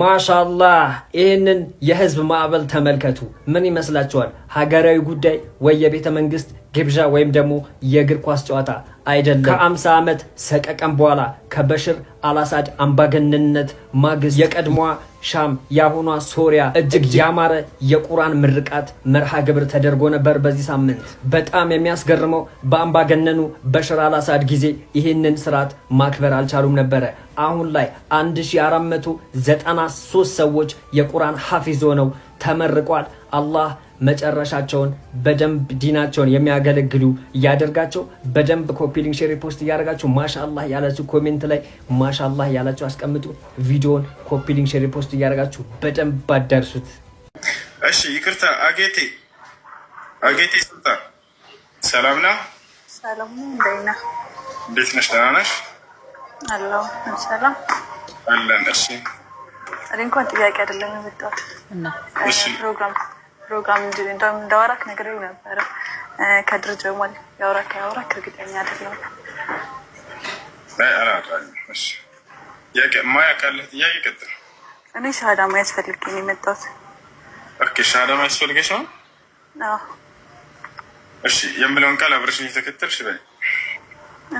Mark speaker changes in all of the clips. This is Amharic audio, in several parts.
Speaker 1: ማሻላህ ይህንን የህዝብ ማዕበል ተመልከቱ። ምን ይመስላችኋል? ሀገራዊ ጉዳይ ወይ የቤተ መንግስት ግብዣ ወይም ደግሞ የእግር ኳስ ጨዋታ አይደለም። ከአምሳ ዓመት ሰቀቀም በኋላ ከበሽር አላሳድ አምባገነንነት ማግስት የቀድሞዋ ሻም ያሁኗ ሶሪያ እጅግ ያማረ የቁርአን ምርቃት መርሃ ግብር ተደርጎ ነበር በዚህ ሳምንት። በጣም የሚያስገርመው በአምባገነኑ በሽር አላሳድ ጊዜ ይህንን ስርዓት ማክበር አልቻሉም ነበረ። አሁን ላይ 1493 ሰዎች የቁርአን ሐፊዝ ሆነው ተመርቋል። አላህ መጨረሻቸውን በደንብ ዲናቸውን የሚያገለግሉ እያደርጋቸው። በደንብ ኮፒሊንግ ሼር ፖስት እያደርጋቸው ማሻላህ ያላችሁ ኮሜንት ላይ ማሻላህ ያላችሁ አስቀምጡ። ቪዲዮን ኮፒሊንግ ሼር ፖስት እያደርጋችሁ በደንብ አዳርሱት።
Speaker 2: እሺ፣ ይቅርታ አጌቴ አጌቴ ስልጣ ሰላም ና ሰላም እንዴት ነሽ? ደህና ነሽ? ሰላም አለን። እሺ
Speaker 3: እኔ እንኳን ጥያቄ አይደለም የመጣሁት ፕሮግራም ፕሮግራም እንዳወራክ ነገር ነበረ ከድር ጀማል ያውራክ ያውራክ እርግጠኛ አይደለም።
Speaker 2: ጥያቄ ቀጥል።
Speaker 3: እኔ ሻሃዳ ማያስፈልግ ነው የመጣሁት።
Speaker 2: ኦኬ ሻሃዳ ማያስፈልገሽ ነው? እሺ የምለውን ቃል አብረሽን የተከተልሽ በይ።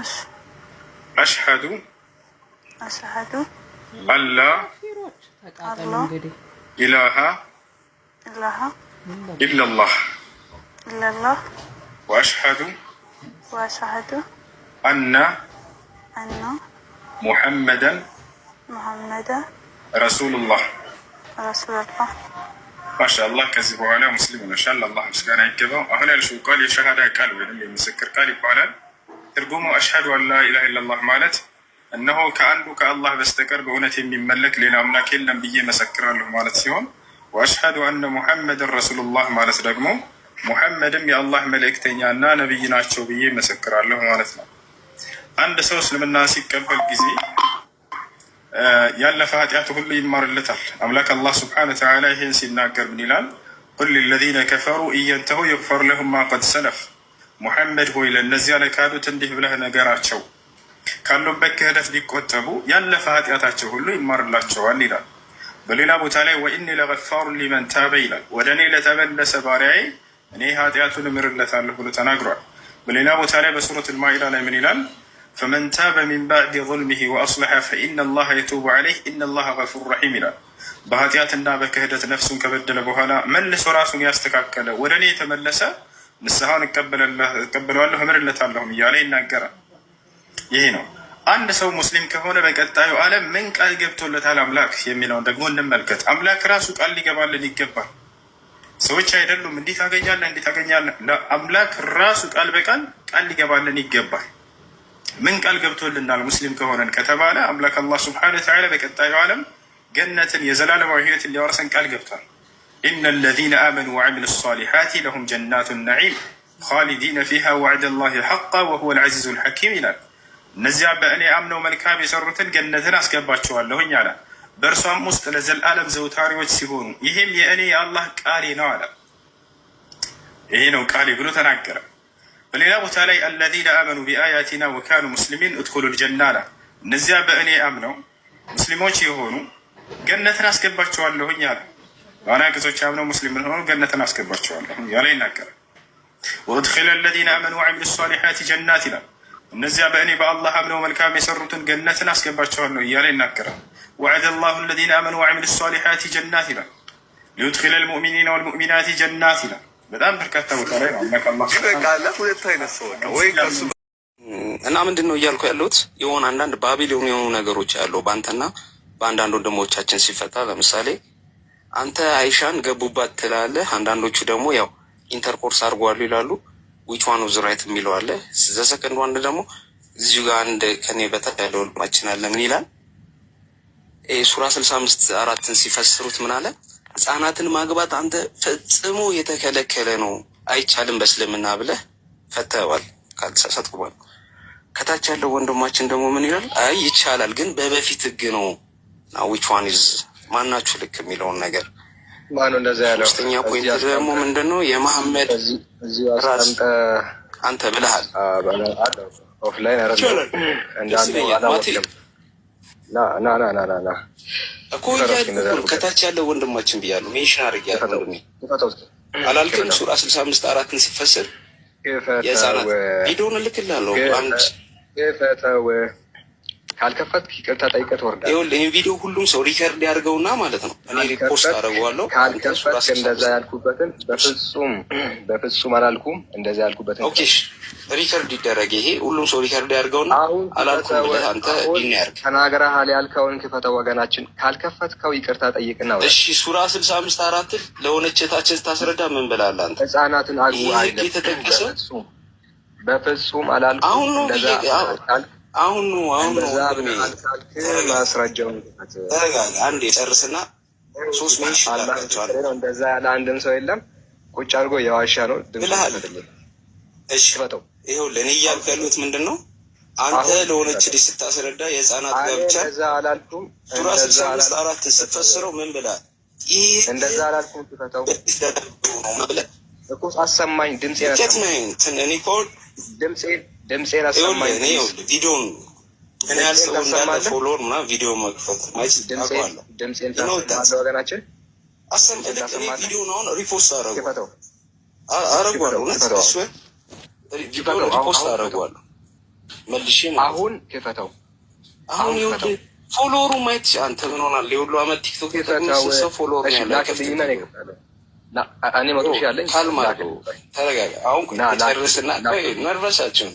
Speaker 2: እሺ አሽሃዱ አሽሃዱ አላ إلها إلا الله إلا الله وأشهد
Speaker 3: وأشهد أن أن
Speaker 2: محمدا
Speaker 3: محمدا
Speaker 2: رسول الله
Speaker 3: رسول الله
Speaker 2: ما شاء الله كذب على مسلم ما شاء الله الله مسكنا كذا أهلا شو قال يشهد هاي قال ويرمي مسكر قال يقول ترجمه أشهد أن لا إله إلا الله مالت እነሆ ከአንዱ ከአላህ በስተቀር በእውነት የሚመለክ ሌላ አምላክ የለም ብዬ መሰክራለሁ ማለት ሲሆን ወአሽሀዱ አነ ሙሐመድን ረሱሉላህ ማለት ደግሞ ሙሐመድም የአላህ መልእክተኛ እና ነቢይ ናቸው ብዬ መሰክራለሁ ማለት ነው። አንድ ሰው እስልምና ሲቀበል ጊዜ ያለፈ ኃጢአት ሁሉ ይማርለታል። አምላክ አላህ ስብሓነ ወተዓላ ይህን ሲናገር ምን ይላል? ቁል ለዚነ ከፈሩ እየንተሁ የግፈር ለሁም ማ ቀድ ሰለፍ። ሙሐመድ ሆይ ለእነዚያ ለካዱት እንዲህ ብለህ ነገራቸው ካሉበት ክህደት ቢቆጠቡ ያለፈ ኃጢአታቸው ሁሉ ይማርላቸዋል ይላል። በሌላ ቦታ ላይ ወኢኒ ለገፋሩ ሊመን ታበ ይላል። ወደ እኔ ለተመለሰ ባሪያዬ እኔ ኃጢአቱን እምርለታለሁ ብሎ ተናግሯል። በሌላ ቦታ ላይ በሱረት ልማኢዳ ላይ ምን ይላል? ፈመን ታበ ሚን ባዕድ ظልሚሂ ወአስለሐ ፈኢነ ላሀ የቱቡ ዐለይህ ኢነ ላሀ ገፉር ረሒም ይላል። በኃጢአትና በክህደት ነፍሱን ከበደለ በኋላ መልሶ ራሱን ያስተካከለ ወደ እኔ የተመለሰ ንስሐውን እቀበለዋለሁ እምርለታለሁም እያለ ይናገራል። ይሄ ነው። አንድ ሰው ሙስሊም ከሆነ በቀጣዩ ዓለም ምን ቃል ገብቶለታል አምላክ የሚለውን ደግሞ እንመልከት። አምላክ ራሱ ቃል ሊገባልን ይገባል። ሰዎች አይደሉም እንዲህ ታገኛለህ፣ እንዲህ ታገኛለህ። አምላክ ራሱ ቃል በቃል ቃል ሊገባልን ይገባል። ምን ቃል ገብቶልናል ሙስሊም ከሆነን ከተባለ አምላክ አላህ ስብሐነሁ ወተዓላ በቀጣዩ ዓለም ገነትን የዘላለማዊ ህይወትን ሊያወርሰን ቃል ገብቷል። ኢነ ለዚነ አመኑ ወዐሚሉ ሷሊሓት ለሁም ጀናቱ ነዒም ኻሊዲነ ፊሃ ወዐደ ላሂ ሐቃ ወሁወል ዐዚዙል ሐኪም ይላል። እነዚያ በእኔ አምነው መልካም የሰሩትን ገነትን አስገባቸዋለሁኝ አለ። በእርሷም ውስጥ ለዘላለም ዘውታሪዎች ሲሆኑ ይህም የእኔ የአላህ ቃሌ ነው አለ። ይሄ ነው ቃሌ ብሎ ተናገረ። በሌላ ቦታ ላይ አለዚነ አመኑ ቢአያቲና ወካኑ ሙስሊሚን እድኩሉል ጀና አለ። እነዚያ በእኔ አምነው ሙስሊሞች የሆኑ ገነትን አስገባቸዋለሁኝ አለ። በአናቅጾች አምነው ሙስሊም ሆኑ ገነትን አስገባቸዋለሁ ያለ ይናገራል። ወእድኪለ አለዚነ አመኑ ወዐሚሉ ሷሊሓት ጀናት ይላል እነዚያ በእኔ በአላህ አምነው መልካም የሰሩትን ገነትን አስገባቸዋለሁ እያለ ይናገራል። ወዐደ ላሁ ለዚነ አመኑ ወዐሚሉ ሷሊሓቲ ጀናት ይላል። ሊዩድኪለ ልሙእሚኒነ ወልሙእሚናት ጀናት ይላል። በጣም በርካታ ቦታ ላይ ነው።
Speaker 1: እና ምንድን ነው እያልኩ ያለሁት የሆነ አንዳንድ ባቢል የሆኑ ነገሮች ያለው በአንተና በአንዳንድ ወንድሞቻችን ሲፈታ፣ ለምሳሌ አንተ አይሻን ገቡባት ትላለህ። አንዳንዶቹ ደግሞ ያው ኢንተርኮርስ አድርጓሉ ይላሉ ዊች ዋን ኦፍ ዘ ራይት የሚለው አለ። ዘ ሰከንድ ዋን ደግሞ እዚሁ ጋር አንድ ከኔ በታች ያለው ልማችን አለ። ምን ይላል? ሱራ ስልሳ አምስት አራትን ሲፈስሩት ምን አለ? ህጻናትን ማግባት አንተ ፈጽሞ የተከለከለ ነው አይቻልም በእስልምና ብለህ ፈተዋል። ካልተሳሳትኩ ከታች ያለው ወንድማችን ደግሞ ምን ይላል? አይ ይቻላል፣ ግን በበፊት ህግ ነው ናዊች ዋን ይዝ ማናችሁ ልክ የሚለውን ነገር ሶስተኛ ፖይንት ደግሞ ምንድን ነው የመሐመድ ራስ አንተ ብለሃል።
Speaker 2: ኦፍላይን ና
Speaker 1: እኮ ከታች ያለው ወንድማችን ብያለሁ። ሜንሽን አድርጌያለሁ። አላልክም? ሱራ ስልሳ አምስት አራትን ሲፈስር የህፃናት ቪዲዮውን እልክልሃለሁ አንድ
Speaker 2: ካልከፈት ይቅርታ ጠይቀህ ትወርዳለህ።
Speaker 1: ይኸውልህ ይህን ቪዲዮ ሁሉም ሰው ሪከርድ ያደርገውና ማለት ነው እኔ ሪፖርት አደርገዋለሁ።
Speaker 2: ካልከፈት እንደዛ ያልኩበትን በፍጹም በፍጹም አላልኩም። እንደዛ ያልኩበትን
Speaker 1: ኦኬ፣ ሪከርድ ይደረግ። ይሄ ሁሉም ሰው ሪከርድ ያድርገውና አላልኩም ብለህ አንተ ዲና ያድርግ
Speaker 2: ተናግረሃል። ያልከውን ክፈተው። ወገናችን ካልከፈትከው ይቅርታ ጠይቅና
Speaker 1: እሺ። ሱራ ስልሳ አምስት አራትን ለሆነች እህታችን ስታስረዳ ምን ብላለ? አንተ?
Speaker 2: ህጻናትን አግቡ የተጠቀሰ በፍጹም አላልኩም።
Speaker 1: አሁን ነው አሁን ነው
Speaker 2: አሁን ነው ማስረጃውን
Speaker 1: አንድ የጨርስና ሶስት ሜንሽ
Speaker 2: አላቸዋል። እንደዛ ያለ አንድም ሰው የለም። ቁጭ አድርጎ የዋሻ ነው
Speaker 1: ብልሃል። እሺ ይኸው ለእኔ እያልኩ ያሉት ምንድን ነው? አንተ ለሆነች ልጅ ስታስረዳ የህፃናት ጋብቻ ቱራ ስልሳ አምስት አራት ስትፈስረው ምን ብላል?
Speaker 2: ይህ እንደዛ አላልኩም። ትፈተው ነው ብለ እኮ አሰማኝ ድምፅ
Speaker 1: ነው ትን
Speaker 2: ድምፅ ድምፄን
Speaker 1: አሰማኝ። ቪዲዮን እንዳለ ፎሎወር ምናምን ቪዲዮ መክፈት
Speaker 2: ድምፄን ታሰማለህ ወገናችን
Speaker 1: ቪዲዮን አሁን ሪፖስት እውነት እሱ ሪፖስት መልሼ
Speaker 2: ነው አሁን ክፈተው።
Speaker 1: አሁን ፎሎወሩ ማየት አንተ ምን ሆናል? የሁሉ አመት ቲክቶክ ሰው ፎሎወር ያለ ካልማ ተረጋጋ። አሁን ጨርስና ነርቨሳቸውን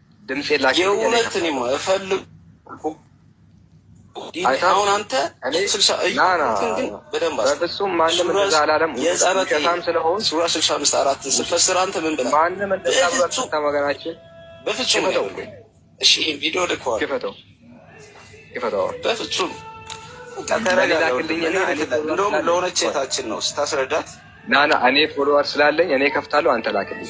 Speaker 1: ድምፅ የላቸው የእውነት እኔማ እፈልግ አሁን አንተ
Speaker 2: በፍጹም ማንም እንደዛ አላለም።
Speaker 1: ውሸታም ስለሆን ሱራ ስልሳ አምስት አራትን ስፈስር አንተ ምን ብለህ
Speaker 2: ማንም እንደዛ መገናችን
Speaker 1: በፍጹም እሺ፣ ቪዲዮ ልከዋል።
Speaker 2: ክፈተው ክፈተው። በፍጹም እንደውም ለሆነች የታችን ነው ስታስረዳት ናና እኔ ፎሎወር ስላለኝ እኔ ከፍታለሁ። አንተ ላክልኝ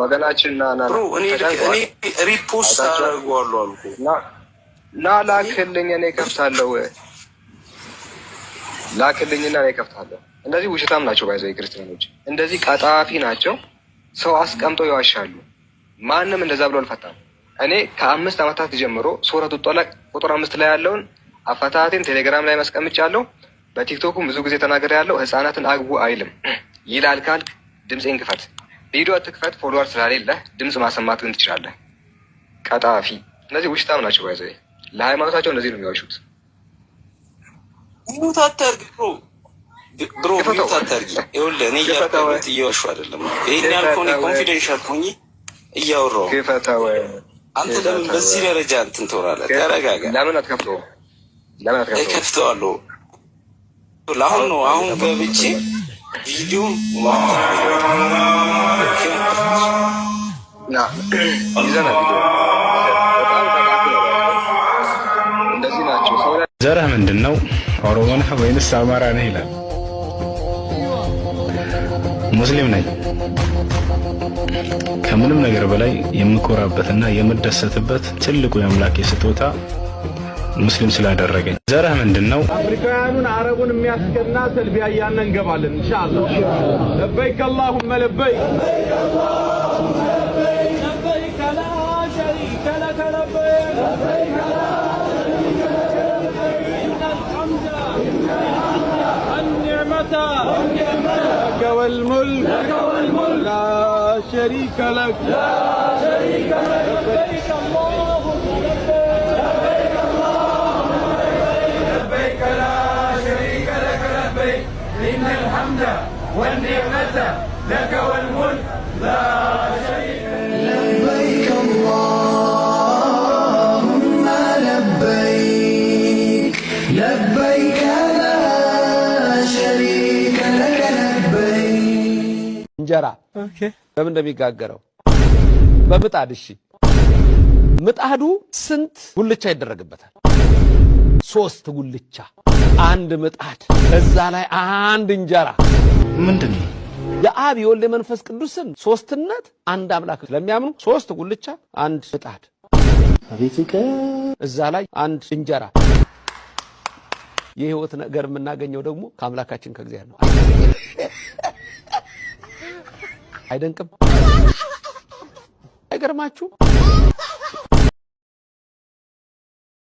Speaker 2: ወገናችን
Speaker 1: ና ና ሪፖስት አደርገዋለሁ አልኩ
Speaker 2: ና ላክልኝ፣ እኔ እከፍታለሁ። ላክልኝና እኔ እከፍታለሁ። እነዚህ ውሸታም ናቸው፣ ባይዘ ክርስቲያኖች እንደዚህ ቀጣፊ ናቸው። ሰው አስቀምጠው ይዋሻሉ። ማንም እንደዛ ብሎ አልፈታም። እኔ ከአምስት ዓመታት ጀምሮ ሱረቱ ጠላቅ ቁጥር አምስት ላይ ያለውን አፈታቴን ቴሌግራም ላይ ማስቀምጫለሁ። በቲክቶኩም ብዙ ጊዜ ተናገር ያለው ህፃናትን አግቡ አይልም ይላል ካልክ ድምፄን ክፈት። ቪዲዮ ትክፈት ፎሎወር ስለሌለህ ድምፅ ማሰማት ግን ትችላለህ። ቀጣፊ እነዚህ ውሽጣም ናቸው። ባይዘ ለሃይማኖታቸው እነዚህ ነው የሚዋሹት።
Speaker 1: ሚዩት አንተ ለምን በዚህ ደረጃ እንትን ተረጋጋ።
Speaker 2: ለምን አትከፍተውም?
Speaker 1: እከፍተዋለሁ። ለአሁን ነው አሁን ገብቼ ቪዲዮ ዘረህ ምንድን ነው? ኦሮሞ ነህ ወይንስ አማራ ነህ ይላል። ሙስሊም ነኝ። ከምንም ነገር በላይ የምኮራበትና የምደሰትበት ትልቁ የአምላኬ ስጦታ ሙስሊም ስላደረገኝ። ዘረህ ምንድን ነው?
Speaker 2: አፍሪካውያኑን አረቡን የሚያስቀና ተልቢያ እያልን እንገባለን ኢንሻአላህ። ለበይክ አላሁመ ለበይክ
Speaker 4: ወልሙልክ ላ ሸሪከ ለክ
Speaker 1: እንጀራ በምን እንደሚጋገረው በምጣድ እሺ፣ ምጣዱ ስንት ጉልቻ ይደረግበታል? ሶስት ጉልቻ፣ አንድ ምጣድ፣ እዛ ላይ አንድ እንጀራ። ምንድን ነው የአብ የወልድ የመንፈስ ቅዱስን ሶስትነት አንድ አምላክ ስለሚያምኑ ሶስት ጉልቻ፣ አንድ ምጣድ፣ እዛ ላይ አንድ እንጀራ። የህይወት ነገር የምናገኘው ደግሞ ከአምላካችን ከእግዚአብሔር ነው። አይደንቅም? አይገርማችሁ?